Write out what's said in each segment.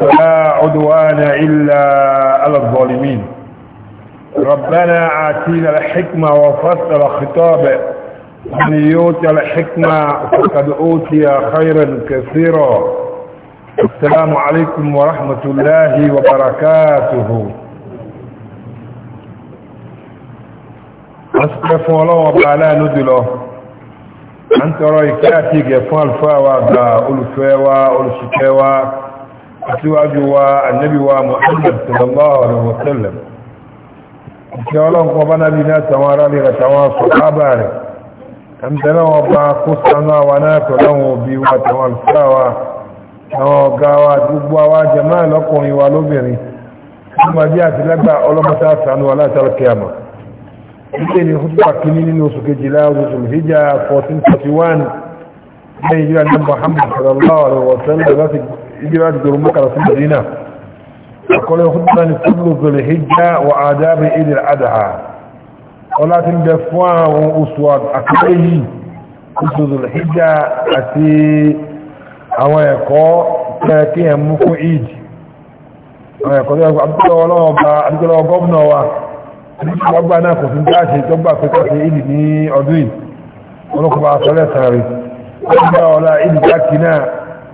فلا عدوان إلا على الظالمين ربنا آتينا الحكمة وفصل الخطاب من يؤتي الحكمة فقد أوتي خيرا كثيرا السلام عليكم ورحمة الله وبركاته أسقف الله وبعلا ندله أنت رأيكاتي قفال فاوة أولو فاوة أولو شكاوة síwájú wa annabi wa muhammad sallallahu alaihi wasallam ìṣẹ́ ọlọ́nkọ́ bá nábi náà tàwọn ará lè tàwọn sọ̀hábà rẹ̀ ẹ̀mtẹ́lẹ́ wọn bá kó sánú àwa náà tọ́láwọn òbí wa tàwọn alfáwa àwọn ọ̀gá wa gbogbo àwa jẹ́mọ́ ẹ̀lọ́kùnrin wa lóbìnrin ọmọdé àti lẹ́gbà ọlọ́mọta sánú wa láti alkiyama ilé ni hútùpà kìíní nínú oṣù kejìlá oṣù hijja 1441 lẹ́yìn yíra ní muhammad sallallahu alaihi wasallam إجراء دور مكة في المدينة أقول يخطنا لكل ذو الحجة وآداب إيد الأدعى ولا تنبفوا وأسواد أكبره كل ذو الحجة أتي أو يقو تاكي أمكو إيد أو يقو تاكي عبد الله ولوبا عبد الله قبنا وأبا ناكو سنتاشي تبا فكرة إيد ني أدوين ونقبع ثلاثة ريس أبا ولا إيد تاكي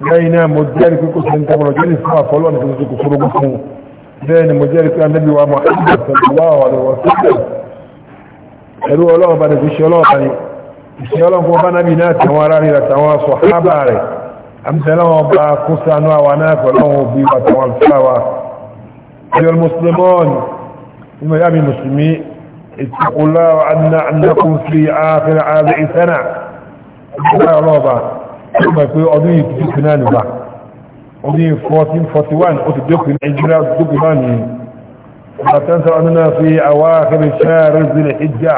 lẹ́yìn náà mo jẹ́rì pé kò sẹ́ni tẹ́mọ̀rọ̀ jẹ́rì fún àfọ́lọ́ ní kò fúrúgbù fún bẹ́ẹ̀ni mo jẹ́rì pé anábí wa máa ń bẹ̀rẹ̀ sallallahu alaihi wa sallam ẹ̀rú ọlọ́run bá ní fi ṣe ọlọ́run bá ní ìṣe ọlọ́run kó bá nábì náà tàwọn ará rẹ̀ tàwọn aṣọ hábà rẹ̀ àmìsẹ́láwọn bá kó sánú àwa náà pẹ̀lọ́run òbí wa tàwọn alùsáwa ó mọ̀ pé ọdún yìí tuntun kan náà nìbà ọdún yìí fourteen forty one ó ti dókun nàìjíríà dókun náà nìyí ọ̀tẹ́sọ̀ ọdún náà fi àwa kẹ́mi ṣáàrẹ́ ìzìlẹ̀ ìjà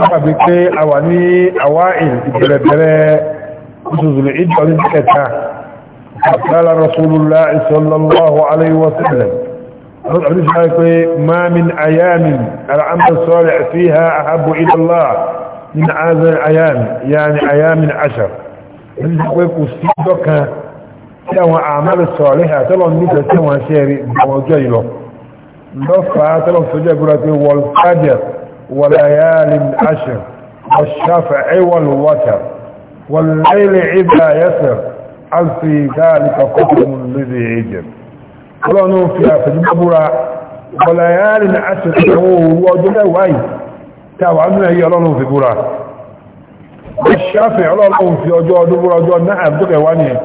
ó mọ̀ pé àwa ní àwa ìbẹ̀rẹ̀bẹ̀rẹ̀ oṣù ìzìlẹ̀ ìjà ọdún kẹta قال رسول الله صلى الله عليه وسلم الحديث ما من أيام العمل الصالح فيها أحب إلى الله من هذا الأيام يعني أيام عشر nígbà pé kò sí dọ́kan tí àwọn àmàlù sọ̀rọ̀ àtọ́lọ̀ nífẹ̀ẹ́ sí wọn ṣe rí àwọn ọjọ́ ìlọ lọ́fà tọ́lọ̀ sójú ẹgbẹ́ra pé wọ́n fàájẹ̀ wọ́n láyálì àṣẹ ọ̀ṣàfẹ́ ẹ̀wọ̀n wọ́tà wọ́n lẹ́lẹ̀ الشافعي على الله في أجوه دبر أجوه نعم دقي وانيه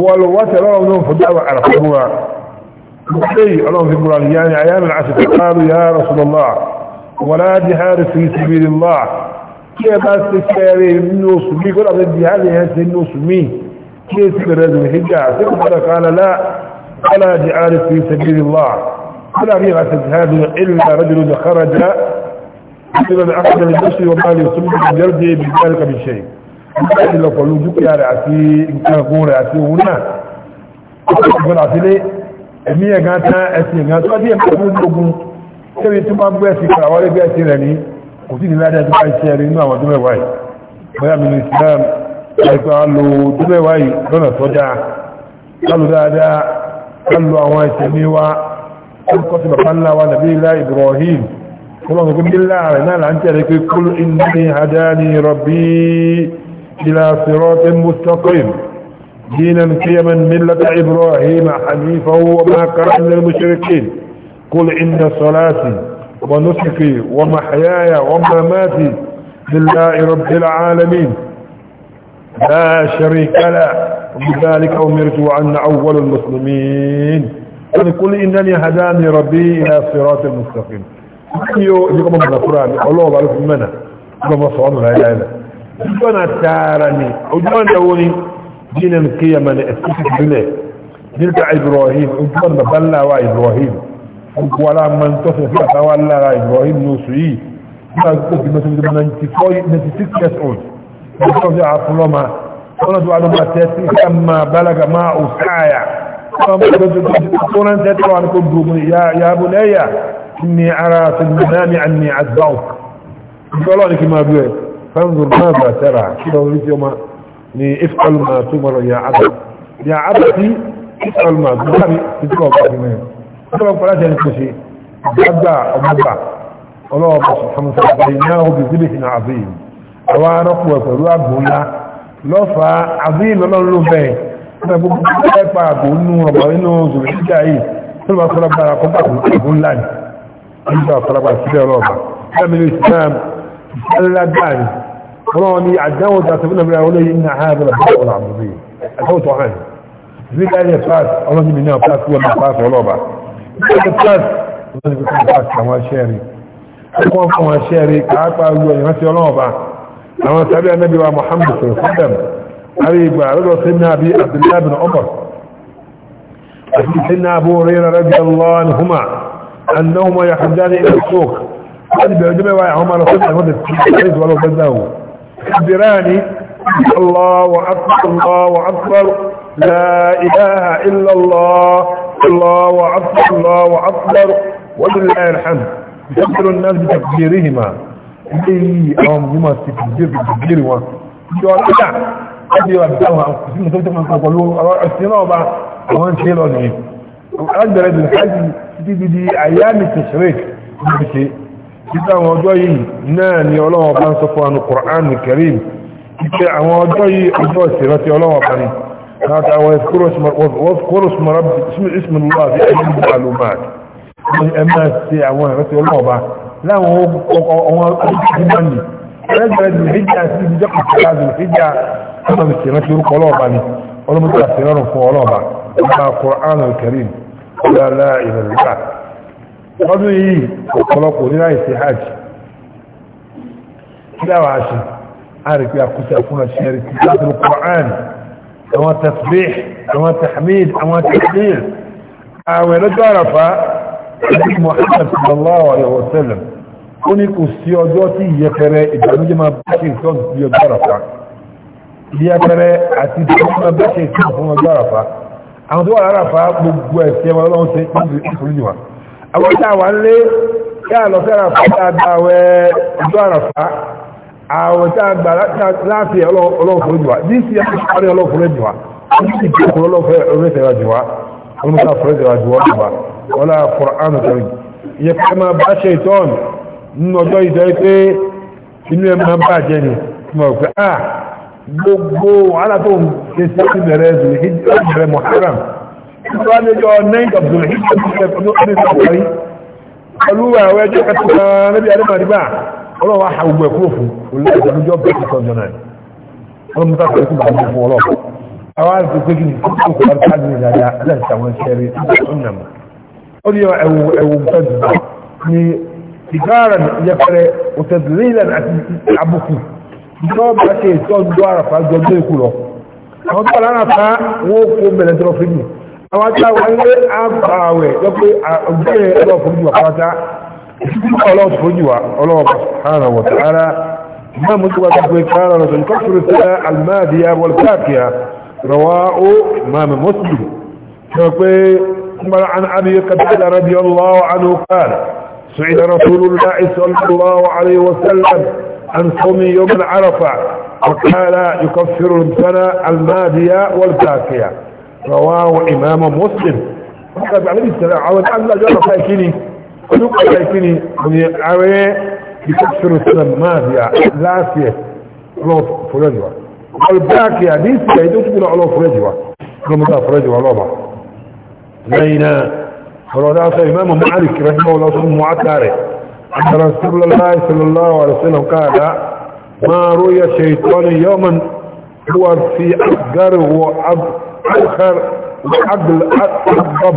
والوات على الله في دعوة على حبوها شيء الله في القرآن يعني عيام العسل قالوا يا رسول الله ولا جهار في سبيل الله كيف أستشاري منه سمي كل أبدا الجهاد يهتنه سمي كيف سبرز الحجة سبب قال لا ولا جهار في سبيل الله ولا غير أستشهاد إلا رجل خرج مثل العقد للنفس وما ليسمى يرجع بذلك بالشيء مثل لو قالوا جوك يا رأسي إن كان قول رأسي هنا أقول رأسي لي أمي أغاتا أسي أغاتا أدي أمي أغاتا kẹ́bí tó bá gbé ẹ̀sìn kàrà wọlé bí ẹ̀sìn rẹ̀ ní kò sí nílá ẹ̀dẹ́ tó bá iṣẹ́ rẹ̀ nínú àwọn tó mẹ́wàá yìí bóyá mi ní Islam àìsàn àlò tó mẹ́wàá yìí lọ́nà sọ́jà kálù dáadáa kálù àwọn ẹ̀sìn mi wá kálù kọ́sí bàbá ńlá wa nàbí ilá Ibrahim kò là inni hadani rabbi ila siratin mustaqim دينا قيما ملة إبراهيم حنيفا وما كان من المشركين قل إن صلاتي ونسكي ومحياي ومماتي لله رب العالمين لا شريك له وبذلك أمرت وأن أول المسلمين قل إنني هداني ربي إلى صراط المستقيم kíyó ìjọba mọ̀nà fúra ní ọlọ́ọ̀bá ló fi mẹ́nà ọlọ́mọ sọ ọ́nà láìláìlá ojú ọ̀nà tààrà ni ojú ọ̀nà wo ni dínà kíyàmà ní ẹ̀sìkì sílẹ̀ nílùú ibrahim ojú ọ̀nà bàbá ńlá wa ibrahim gbogbo aláàmà ń tọ́sẹ̀ sí àtàwà ńlá wa ibrahim ní oṣù yìí nígbà tó ti mẹ́sàn mẹ́sàn ninety four ninety six years old wọ́n tọ́ sí àfúnlọ́mà wọ́n tó wàdó máa tẹ́ sí sàmà bálaga máa ò sáàyà wọ́n mọ̀ tó tó tó tó tó tó tó tó tó إني أرى في المنام أني أتبعك قال الله لك ما بيه فانظر ماذا ترى كده وليت يوم افعل ما تمر يا عبد يا عبدي افعل ما تمر تتبعه بأمين فلو قلت أنك شيء أبدع أبدع الله سبحانه وتعالى بيناه بذبح عظيم أوانا قوة الوعب هنا لفا عظيم الله لبين أنا بقول لك بقى بقول نور بقول نور زبحة إيه ثم أصلا بقى قبعه أقول لك ايضا طلب على سبيل روما من الاسلام قال الاباني روني عدنا وداتب لهم يا ولي ان هذا البدء العظيم الحوت وعاني زي قال يا فاس الله يمنى فاس هو من فاس ولوبا زي فاس الله يقول فاس كما شاري اقوام كما شاري كعطا يقول يمسي ولوبا لما سابع النبي محمد صلى الله عليه وسلم حبيب وعرض وصلنا بي عبد الله بن عمر وفي سنة أبو هريرة رضي الله عنهما أنهما يحمدان إلى السوق قال بعدما وعي عمر صلى الله عليه ولو بدناه كبراني الله أكبر الله أكبر لا إله إلا الله الله أكبر الله أكبر ولله الحمد يكبر الناس بتكبيرهما إيه أهم يما تكبير بتكبير وان يقول لا أبي وابدأها أنفسهم تبتكم أن تقولوا أرى السنة بقى وان شيء لونهم وقدر ابن حجي دي دي دي ايام التشريك بكي كتا موضوعي نان يولوه بان صفوان القرآن الكريم كتا موضوعي عدوه سيرات يولوه بان كتا واذكر اسم واذكر اسم رب اسم اسم الله في اهم المعلومات اما سي عوان رسي الله بان لا هو هو كماني قدر ابن حجي اسمي بجاق الكلاب الحجي اما بسيرات يولوه بان ولم يكن سيرانه فولوه بان القرآن الكريم لا لا إلى الله ọdún yìí ọ̀pọ̀lọpọ̀ ní láì sí hajj kíláwà aṣe a rí pé àkúsẹ̀ fún àṣírí ti láti rú Qur'an àwọn tasbih àwọn tahmid àwọn tasbih àwẹ̀ lọ́jọ́ àràfà ní Muhammad sallallahu alaihi wa sallam ó ní kò sí ọjọ́ tí ìyẹpẹrẹ ìdánújẹ́ máa bá ṣe nǹkan sí ọjọ́ àràfà ìyẹpẹrẹ àti ìdánújẹ́ máa bá ṣe nǹkan fún ọjọ́ àràfà àwọn tó wà lára fa gbogbo ẹ̀sẹ̀ wọn lọ́wọ́ tẹ́ ìforíjì wa àwọn tí wà ń lé kí a lọ ọjọ́ ìjọ pé inú ẹ bàjẹ́ ni mo rò gbogbo wàhálà tó ń ṣe sí ìbẹ̀rẹ̀ ìbẹ̀rẹ̀ Muharram ìgbà lẹ́jọ́ 9th of July pẹ̀lú àwọn ẹjọ́ kẹtùkà níbi àdébàdìbà ọlọ́wà àwùgbẹ̀ kúrò fún olóòjọ́ bẹ́ẹ̀kì sọ́jọ́ náà wọ́n mú tàbí ẹkùn bàbá fún ọlọ́pàá àwọn àti pé kí ni kókò kọ́ra káàdì ní ìdájá aláìsí àwọn ìṣẹ́rí ìgbàlónàmù ó ní ẹwù ẹwù tẹ́jú ní ìgbàràn yẹpẹrẹ òtẹ̀dúlẹ̀ àti àbùkù yóò bá ṣe ìtọ́jú àràfà jọjọ́ ìkú lọ àwọn tó láràfà wọ́n kó bẹ̀rẹ̀ tọrọ fún mi àwọn tí a wà ń lé àbàwẹ̀ lọ́pẹ́ ọgbẹ́rẹ̀ ọlọ́ fún mi pátá ọlọ́ fún mi wà ọlọ́wọ́ sàrà wọ̀ sàrà máa mú tíwá tó pé kára lọ́sọ̀ nǹkan fúru sí almadiya wọl káàkiri rọwá ó máa mi mọ́sùlù sọ pé kumar an abiy kabila radiyallahu anhu kan سعيد رسول الله صلى الله عليه وسلم أن صوم يوم عرفة وكان يكفر السنة المادية والتاكية رواه إمام مسلم وقال عليه السلام عوض أن لا جرى فايكيني ونوك فايكيني من عوي يكفر السنة المادية لا سيه الله فرجوة والباكية دي سيدوك بنا الله فرجوة كما فرجوة الله لينا فرجوة إمام مالك رحمه الله معتاره أن رسول الله صلى الله عليه وسلم قال ما رؤي الشيطان يوما هو في أكبر وأبخر وعبد الأقرب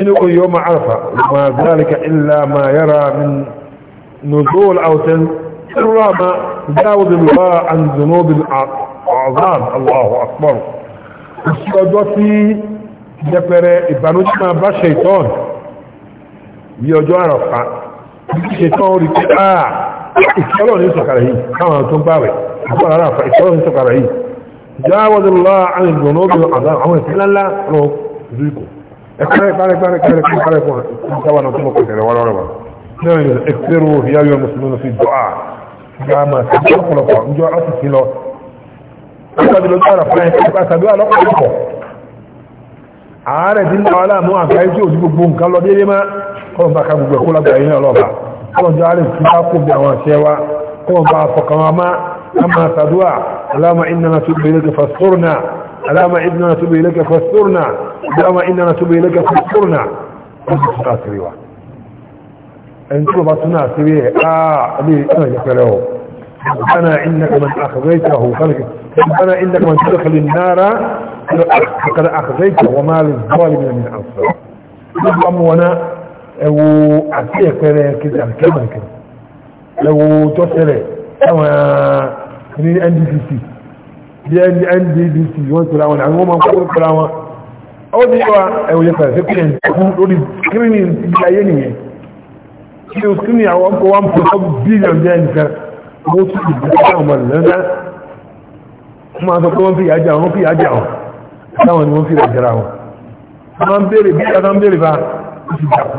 منه يوم عرفة وما ذلك إلا ما يرى من نزول أو سن الرابع جاوز الله عن ذنوب الأعظام الله أكبر الشيطان يقرأ إبانوش ما بشيطان يجو عرفة ṣe tán rí pé àà ah, ìkẹ́lọ̀ ní sọ̀kàrà yìí káwọn tó gbà rẹ̀ àpárá àfà ìkẹ́lọ̀ ní sọ̀kàrà yìí jáwọ́dúnlá àwọn ìgbọ̀nà obìnrin àdá àwọn ìpínlẹ̀ ńlá lọ zuiku ẹ̀kọ́rẹ́ ìpárẹ́ ìpárẹ́ ìpárẹ́ sí ọ̀pọ̀lọpọ̀ ń lọ ọ̀pọ̀lọpọ̀ tó kọ́mọ̀ bá ká gbogbo ẹ̀kọ́ lábẹ́ àyínlẹ̀ ọlọ́ba kọ́mọ̀ jọ àrẹ fi bá kó bí àwọn àṣẹ wa kọ́mọ̀ bá fọkàn wa má kama saduwa alama inna na tubu ilaka fasturna alama inna na tubu ilaka fasturna alama inna na tubu ilaka fasturna kọ́mọ̀ tó tàṣírí wa ẹni tó bá tún náà sírí ẹ̀ áà ilé ìtàn ìjẹpẹrẹ o ربنا إنك من أخذيته ربنا إنك من تدخل النار فقد أخذيته وما للظالمين من أنصار نظلم وناء ẹwọ àti ẹ̀pẹ̀rẹ kìtà kẹ́mẹ̀kẹ́ ẹwọ tó ṣẹlẹ̀ ẹwọ̀n ní NDCC bí NDDC wọ́n pẹ̀lú àwọn àwọn ọmọ akọ́kọ́ pẹ̀lú àwọn ó ní wá ẹwọ yẹ fẹ̀rẹ̀ fẹ́kùn ẹ̀kún lórí skrini ibi ayé nìyẹn kí o skrini àwọn ọkọ̀ wọn pẹ̀lú ọmọ bílíọ̀n jẹ́ nìkan ó tún ìgbésẹ̀ àwọn ọmọ lẹ́nà wọ́n máa sọ pé wọ́n fi ìyá jà wọ́n fi ìyá jà wọn táwọn ni wọ́n fi rẹ̀ jẹ́ra wọn wọ́n máa ń béèrè bí ìyá náà ń béèrè bá ó ti jà kú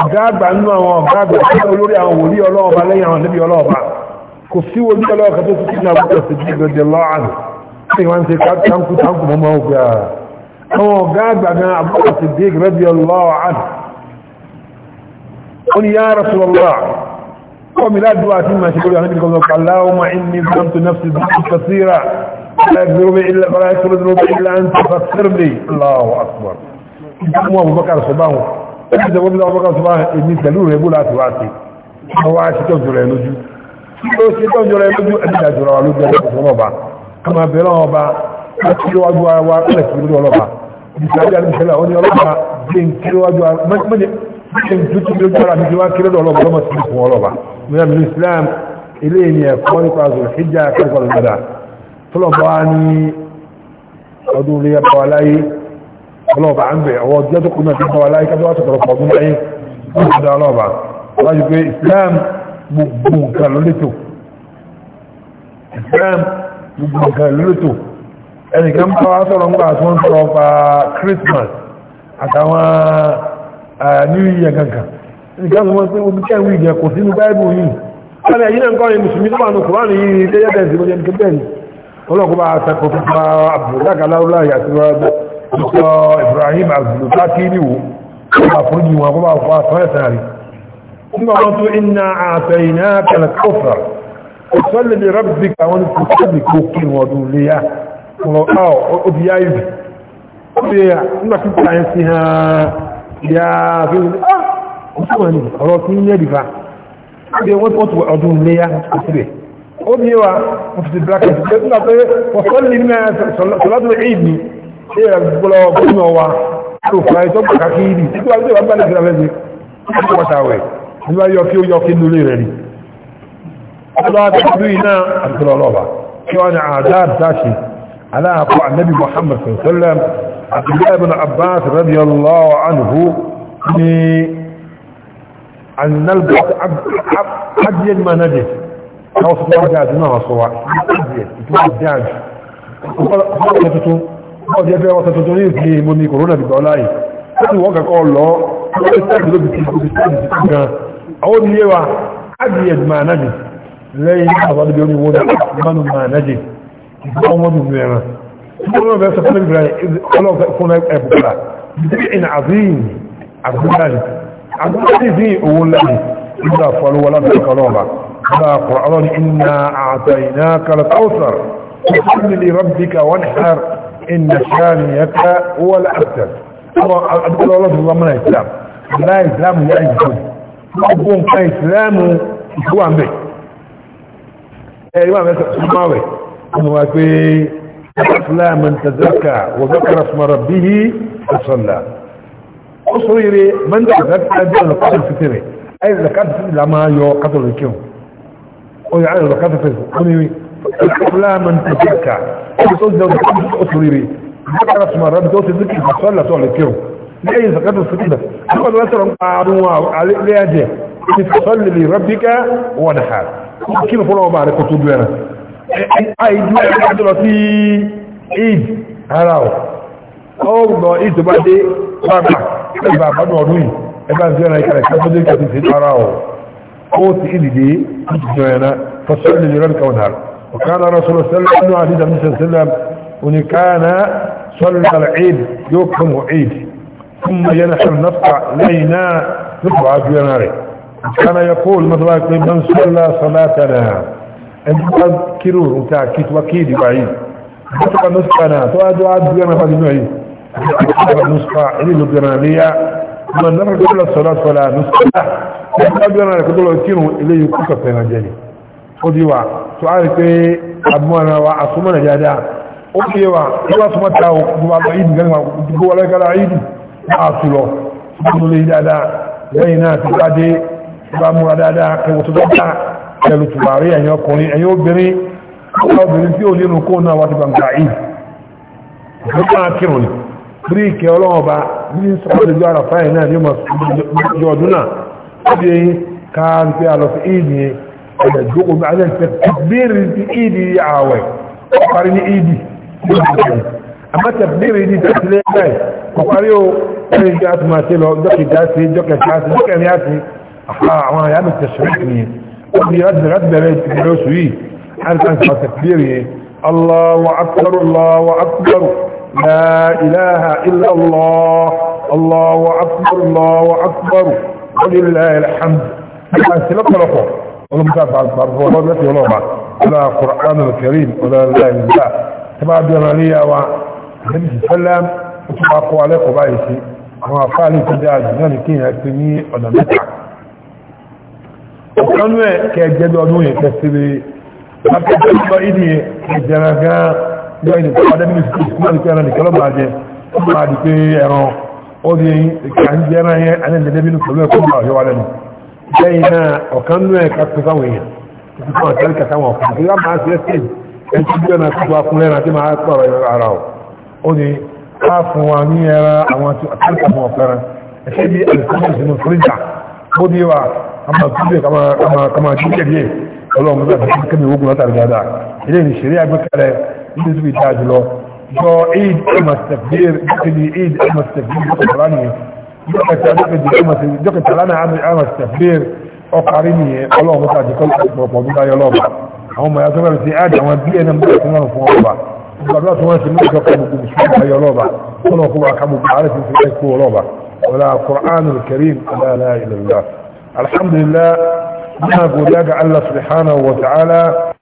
ọ̀gá àgbà nínú àwọn ọ̀gá àgbà tí olórí àwọn wòlíì ọlọ́ọ̀bá lẹ́yìn àwọn níbi ọlọ́ọ̀bá kò sí ojú ọlọ́ọ̀ká tó tún ní àbúkọ̀ sí jí ìgbẹ̀dẹ̀ lọ́àánù tí wọ́n ń ṣe táǹkù táǹkù mọ́mọ́ ọgbà àwọn ọ̀gá àgbà gan àbúkọ̀ sí jí ìgbẹ̀dẹ̀ lọ́àánù ó ní yára sọ́lọ́lá kọ́ mi ládùú àti máa ṣe lórí àwọn níbi kọ́sọ̀ kàláwọ́mà inni zantu nafsi zantu kasira fara ẹgbẹ̀rún ilẹ̀ fara ẹgbẹ̀rún ilẹ̀ ẹ̀kí ìjọba bí lọ́wọ́ kọ́sọ́ èmi pẹ̀lú rẹ̀ bó láti wá sí ọwọ́ aṣítọ́jú rẹ̀ lójú ó ṣítọ́jú rẹ̀ lójú ẹ̀mí ìdájọ́ra wa lójú ẹ̀kọ́ fún ọba kama bẹ̀rẹ̀ ọba láti lọ́wọ́jú wa lẹ́kì lórí ọlọ́ba ìṣàjá ní ìṣẹ̀lẹ̀ òní ọlọ́ba bí n kí lọ́wọ́jú wa mẹ́jẹ̀ ń tún kí lójú ara mi ti wá kí lọ́dọ̀ ọlọ́ba lọ́mọ sí fún ọlọ́ba mẹ́rin ní Islam ilé ìní aláyé ọlọ́ọ̀bà ń bẹ̀ ọwọ́ jẹ́ tó kúnnà tí wọ́n wà láyé kájọ́ àtọ̀tọ̀rọ̀ pọ̀ ọdún láyé wọ́n ti dá pé Islam gbogbo nǹkan ló Islam gbogbo nǹkan ló létò ẹnìkan bá wá sọ̀rọ̀ ńgbà tí wọ́n sọ̀rọ̀ pa Christmas àtàwọn New Year kankan ẹnìkan sọ wọ́n pé omi kẹwì ìjẹ kò sínú Bible yìí wọ́n lè yí náà ń kọ́ ni mùsùlùmí tó wà ní Kùránì yìí ní ilé yẹ́ bẹ̀rẹ̀ sí ọjọ́ ní kẹ́bẹ̀rẹ̀ ọlọ́kùnrin bá a sẹ́kọ̀ọ́ ọkọ̀ Ibrahim azulutaki níwò ọba fúrúgì wọn bọ́bá fún àtọ́rẹ̀sàrí nígbà wọn tó iná àtẹ̀yìnà kẹlẹ̀kọ́fà ìsọ́lẹ̀ lè rọ́bì káwọn kùsọ́bì kó kí wọn ọdún léyà ọ̀rọ̀ ọdí yá ìbì ó lè yà nígbà tí kàáyé sí ha yà fi ah, ọ̀rọ̀ tí ń yẹ́ dìfà ọdún léyà ó sì bẹ̀ ó bí wa mo fi ti black and white nígbà pé ṣé ẹgbọ́lọ́ gómìnà wa tó fún ayé tó gbà kákí ìdí títí wà nígbà gbàlẹ̀ sílẹ̀ fẹ́ẹ́ ṣe pọ́tà wẹ̀ nígbà yọ kí ó yọ kí lórí rẹ̀ ni ọlọ́ àtàkùn iná àtúrọ̀ ọlọ́ba kí wọ́n ni àdáàdì táṣì aláàkọ́ ànábì Muhammad sallam àti ibn Abbas radiyallahu anhu ni annalba hajjiyar manajer kawo su kuma gaji na wasu wa hajjiyar ita hajjiyar ọjọ́ ẹgbẹ́ wọ́n tuntun ní ìpín mo ní kòrónà bìbà ọláyì láti wọ́n kẹ́kọ́ lọ àwọn ilé wa adìyẹ̀d máa nájì lẹ́yìn àwádìí omi wọ́n mánú máa nájì ìgbọ́n wọ́n dùn mẹ́rin ọlọ́run bẹ́ẹ̀ sọ fún ẹgbẹ́ ọlọ́run fún ẹ̀bùkà ìdíkìn àzíyìn àgbúgbàlì àgbúgbàlì sí owó lẹ́yìn ìgbà fọlọ́wọ́ lábẹ́ẹ̀kọ́ ọlọ́ọ̀bà ọlọ́run ọlọ́run iná àtàyìnà kàlọ́tàwọ̀sàr إن يقرأ هو الأبتر أقول الله في ضمن الإسلام لا إسلام لا إسلام أقول إسلام هو أمي بي إمام سماوي أنه أكوي إسلام من تزكى وذكر اسم ربه وصلى أصريري من تزكى دون القتل فتري أي ذكرت لما يو قتل الكيوم ويعني ذكرت في إسلاما تزكى يقول لو تكون أسريري ذكر اسم الرب دوت ذكر فصلى صلى كيرو لأي زكاة الفقيدة أقول مثلا قعدوا عليه لأجه فصل لربك ونحار كيف فلو بعد كتب لنا أي دواء عدل في إيد هلاو أو بما إيد بعد بابا إبا بدو أدوي إبا زيانا يكالي كتب لك في سيد هلاو قوت إيدي دي فصل لربك ونحار وكان رسول الله صلى الله عليه وسلم عزيز عليه وسلم وإن كان صلى العيد يوم عيد ثم ينحر نفع لينا نطبع في ناره كان يقول مثلا من صلى صلاتنا انت قد كرور انت كيت وكيد وعيد نطبع نسخنا تؤدوا عد بيانا فالي معي نطبع عيد إلي من نمر الصلاة فلا نسخة نطبع بيانا لكدول وكينو إليه كفة فينا جليل ó di wa tó á rí pé àbúmọ̀ra wa àsúmọ̀rẹ̀ dáadáa ó fi yé wa tí wọ́n súnmọ́ ta gbogbo àgbà ìdù gẹ́gẹ́ wa gbogbo wọlé kára ìdù máa tù lọ gbogbo lè dáadáa lẹ́yìn náà ti bá dé bá múra dáadáa ẹwọ tó dáadáa pẹ̀lú tùbàrí ẹ̀yin ọkùnrin ẹ̀yin obìnrin obìnrin tí ò nínú kó náà wá ti gbàǹgà ìdù ló máa kírun ni bíríkì ọlọ́ọ̀ba ní sọ́kọ́lẹ̀ jọ àràfáì náà ní ọmọ ọdún náà ó di ká rí pé a lọ sí ìdí yẹn الجوق معنى تكبير ايدي يا عاوي قرني ايدي اما تكبير ايدي تسليم لاي وقريو اي جات ما تلو دكي جاسي دكي جاسي دكي جاسي احا عوانا يعمل تشريك مي وقري رد رد بيت بلوسوي حالك انت ما تكبير ايه الله اكبر الله اكبر لا اله الا الله الله اكبر الله اكبر ولله الحمد الحمد لله الحمد ọlọ́mọdé àbàbọ̀ ọlọ́mọdé ọlọ́mà ọlá kùránù kẹrin ọlá láìlá tí máa bí ọ̀nà níyà wa àbẹ́bí sí fẹ́lẹ́ ó tún máa kọ́ alẹ́kọ̀ọ́ báyìí sí àwọn àfáàlì tó dáa jù náà ní kí èèyàn pé ní ọ̀nà mẹ́ta ọ̀kanú ẹ̀ kẹjẹ bí ọdún yẹn kẹsìrì akẹjẹ lọ ìdí ìjẹrẹ gan yọ ìdí tó padà nínú ó di pé ẹran ó di kà ń jẹran yẹn alẹ́ nìkan lẹ́yìn náà ọ̀kan nú ẹ̀ka pé fáwọn èèyàn títí fún àtẹ́lì kàtàwọn ọ̀kan tí wọ́n máa ṣe ẹ́sìn ẹni tí bí ọ̀nà tuntun akúnlẹ̀ náà tí máa pọ̀rọ̀ ara ọ̀ ó ní ká fún wa ní ẹra àwọn àtẹ́lì kàtàwọn ọ̀kan ẹ̀ṣẹ́ bí alìsọ́mọ̀ ìsinmi fúríjà ó ní wa kama kúndé kama jíjẹ̀ díẹ̀ ọlọ́run mọ́tà tó kí mi ogun látàrí dáadáa ilé ní ṣeré agbẹ́kẹ̀rẹ́ ilé tó fi dáa jùlọ jọ eid almastabir dókítà dókítà lánàá àmà tẹ̀fẹ́ ọkàrí ni ọlọ́ọ̀mọ́ tàbí kọ́lọ̀pọ̀ nígbà yọlọ́ọ̀bà àwọn ọmọ yàtọ̀ bẹ̀rẹ̀ sí àdì àwọn bí ẹni mọ́ ìsinmi fún ọlọ́ọ̀bà ìgbàdúrà tó wọ́n ti mú ìjọ kan gbogbo ìṣúná yọlọ́ọ̀bà tọ́nà kó wà ká gbogbo ààrẹ ti fi kó ọlọ́ọ̀bà wọlá kùránù kẹrin aláàlá ilẹ̀ alhamdulillah náà godiya ga allah subhanahu wa ta'ala